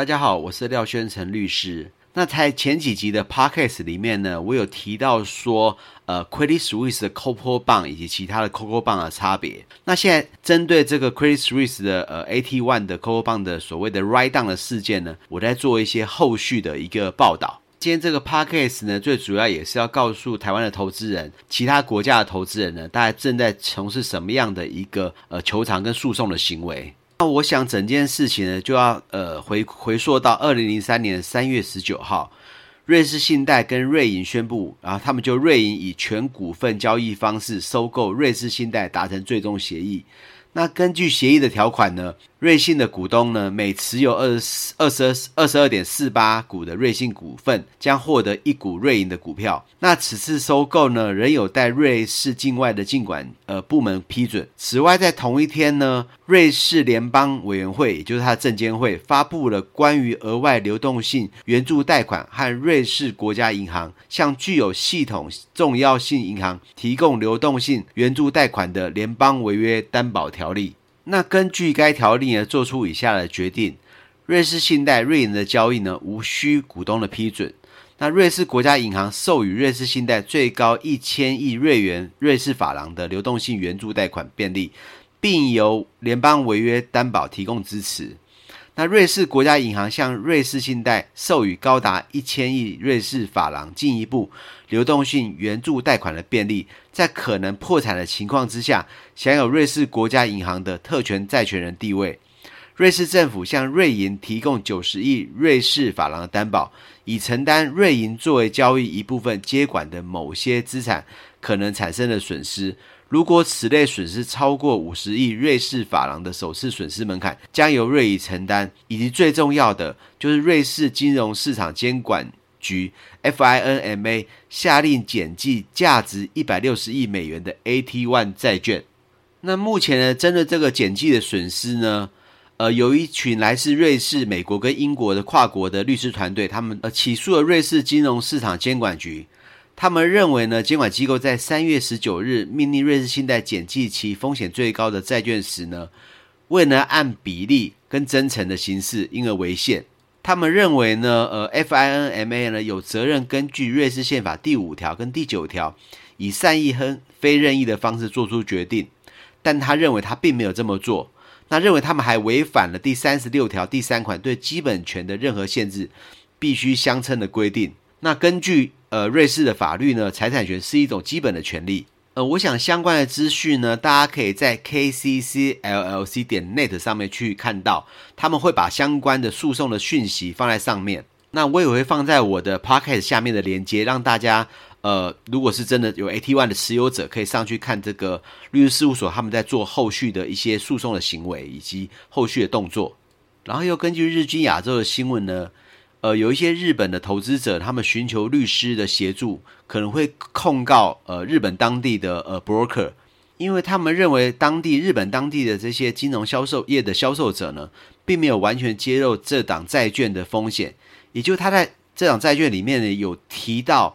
大家好，我是廖宣成律師。那在前幾集的 podcast 裡面呢，我有提到說，呃，Credit Suisse 的 CoCo 棒以及其他的 CoCo 棒的差別。那現在針對這個 Credit Suisse 的呃 AT1 的 CoCo 棒的所謂的 write down 的事件呢，我在做一些後續的一個報道。今天這個 podcast 呢，最主要也是要告訴台灣的投資人、其他國家的投資人呢，大家正在從事什麼樣的一個呃求償跟訴訟的行為。那我想，整件事情呢，就要呃回回溯到二零零三年三月十九號，瑞士信貸跟瑞銀宣布，然後他們就瑞銀以全股份交易方式收購瑞士信貸，達成最終協議。那根據協議的條款呢，瑞信的股東呢，每持有二十二十二二十二點四八股的瑞信股份，將獲得一股瑞銀的股票。那此次收購呢，仍有待瑞士境外的監管呃部門批准。此外，在同一天呢，瑞士聯邦委員會，也就是它的證監會，發布了關於額外流動性援助貸款和瑞士國家銀行向具有系統重要性銀行提供流動性援助貸款的聯邦違約擔保條。條例。那根據該條例而做出以下的決定：瑞士信貸瑞銀的交易呢，無需股東的批准。那瑞士國家銀行授予瑞士信貸最高一千億瑞元瑞士法郎的流動性援助貸款便利，並由聯邦違約擔保提供支持。那瑞士國家銀行向瑞士信貸授予高達一千億瑞士法郎進一步流動性援助貸款的便利，在可能破產的情況之下，享有瑞士國家銀行的特權債權人地位。瑞士政府向瑞銀提供九十億瑞士法郎的擔保，以承擔瑞銀作為交易一部分接管的某些資產可能產生的損失。如果此類損失超過五十億瑞士法郎的首次損失門檻，將由瑞銀承擔。以及最重要的，就是瑞士金融市場監管局 FINMA 下令減記價值一百六十億美元的 AT1 債券。那目前呢？針對這個減記的損失呢？呃，有一群來自瑞士、美國跟英國的跨國的律師團隊，他們呃起訴了瑞士金融市場監管局。他們認為呢，監管機構在三月十九日命令瑞士信貸減記其風險最高的債券時呢，未能按比例跟真誠的形式因而違憲。他們認為呢，呃，FINMA 呢有責任根據瑞士憲法第五條跟第九條，以善意和非任意的方式做出決定。但他認為他並沒有這麼做。那認為他們還違反了第三十六條第三款，對基本權的任何限制必須相稱的規定。那根據呃瑞士的法律呢，財產權是一種基本的權利。呃，我想相關的資訊呢，大家可以在 kccllc 點 net 上面去看到，他們會把相關的訴訟的訊息放在上面。那我也會放在我的 podcast 下面的連結，讓大家。呃，如果是真的有 AT1 的持有者可以上去看這個律師事務所，他們在做後續的一些訴訟的行為以及後續的動作，然後又根據日經亞洲的新聞呢，呃，有一些日本的投資者他們尋求律師的協助，可能會控告呃日本當地的呃 broker，因為他們認為當地日本當地的這些金融銷售業的銷售者呢，並沒有完全揭露這檔債券的風險，也就他在這檔債券裡面呢有提到。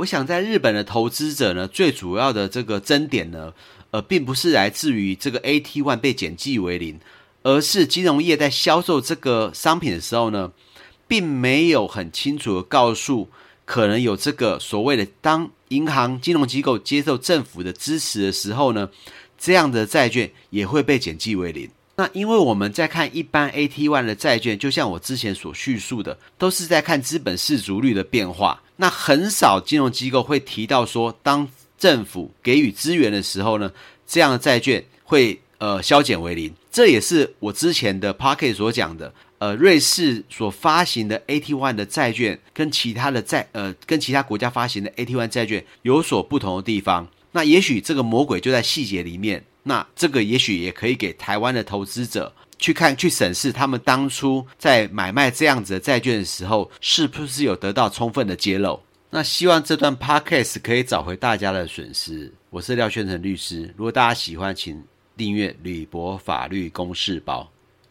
我想，在日本的投資者呢，最主要的這個爭點呢，呃，並不是來自於這個 AT1 被減記為零，而是金融業在銷售這個商品的時候呢，並沒有很清楚的告訴，可能有這個所謂的，當銀行金融機構接受政府的支持的時候呢，這樣的債券也會被減記為零。那因為我們在看一般 AT1 的債券，就像我之前所敘述的，都是在看資本適足率的變化。那很少金融機構會提到說，當政府給予支援的時候呢，這樣的債券會呃削減為零。這也是我之前的 Podcast 所講的，呃，瑞士所發行的 AT1 的債券跟其他的債呃跟其他國家發行的 AT1 債券有所不同的地方。那也許這個魔鬼就在細節裡面。那這個也許也可以給台灣的投資者。去看、去審視他們當初在買賣這樣子的債券的時候，是不是有得到充分的揭露？那希望這段 podcast 可以找回大家的損失。我是廖軒成律師，如果大家喜歡，請訂閱呂博法律公事包。